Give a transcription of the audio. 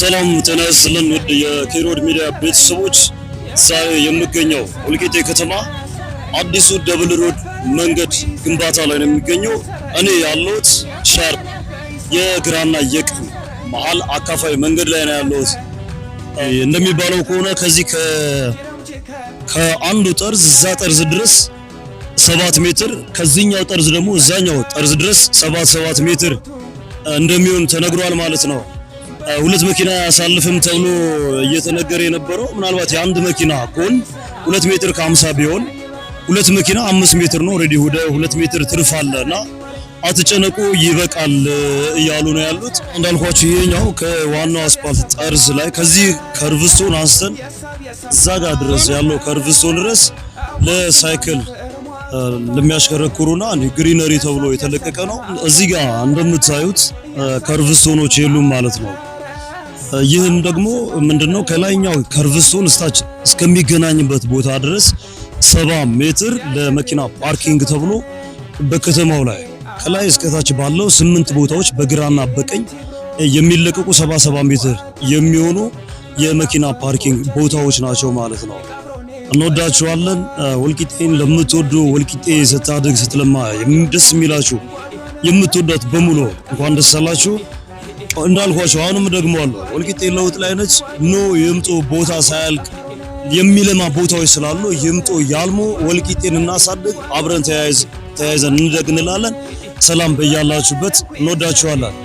ሰላም ጤና ይስጥልን ውድ የኬሮድ ሚዲያ ቤተሰቦች፣ ዛሬ የምገኘው ወልቂጤ ከተማ አዲሱ ደብል ሮድ መንገድ ግንባታ ላይ ነው የሚገኘው። እኔ ያለሁት ሻር የግራና የቀኝ መሀል አካፋይ መንገድ ላይ ነው ያለሁት። እንደሚባለው ከሆነ ከዚህ ከአንዱ ጠርዝ እዛ ጠርዝ ድረስ ሰባት ሜትር ከዚህኛው ጠርዝ ደግሞ እዛኛው ጠርዝ ድረስ ሰባት ሰባት ሜትር እንደሚሆን ተነግሯል ማለት ነው። ሁለት መኪና አያሳልፍም ተብሎ እየተነገረ የነበረው ምናልባት የአንድ መኪና ኮን ሁለት ሜትር ከሀምሳ ቢሆን ሁለት መኪና አምስት ሜትር ነው። ኦልሬዲ ወደ ሁለት ሜትር ትርፍ አለ እና አትጨነቁ ይበቃል እያሉ ነው ያሉት። እንዳልኳችሁ ይሄኛው ከዋናው አስፓልት ጠርዝ ላይ ከዚህ ከርቭስቶን አንስተን እዛ ጋር ድረስ ያለው ከርቭስቶን ድረስ ለሳይክል ለሚያሽከረክሩና ግሪነሪ ተብሎ የተለቀቀ ነው። እዚህ ጋር እንደምታዩት ከርቭስቶኖች የሉም ማለት ነው። ይህም ደግሞ ምንድነው ከላይኛው ከርቭስቶን እስታች እስከሚገናኝበት ቦታ ድረስ ሰባ ሜትር ለመኪና ፓርኪንግ ተብሎ በከተማው ላይ ከላይ እስከታች ባለው ስምንት ቦታዎች በግራና በቀኝ የሚለቀቁ 77 ሜትር የሚሆኑ የመኪና ፓርኪንግ ቦታዎች ናቸው ማለት ነው። እንወዳችኋለን። ወልቂጤን ለምትወዱ ወልቂጤ ስታድግ ስትለማ ደስ የሚላችሁ የምትወዱት በሙሉ እንኳን ደስ አላችሁ። እንዳልኳቸው አሁንም ደግመዋለሁ፣ ወልቂጤ ለውጥ ላይ ነች። ኖ የምጦ ቦታ ሳያልቅ የሚለማ ቦታዎች ስላሉ ይምጡ፣ ያልሙ፣ ወልቂጤን እናሳድግ፣ አብረን ተያይዘን እንደግ እንላለን። ሰላም በያላችሁበት፣ እንወዳችኋለን።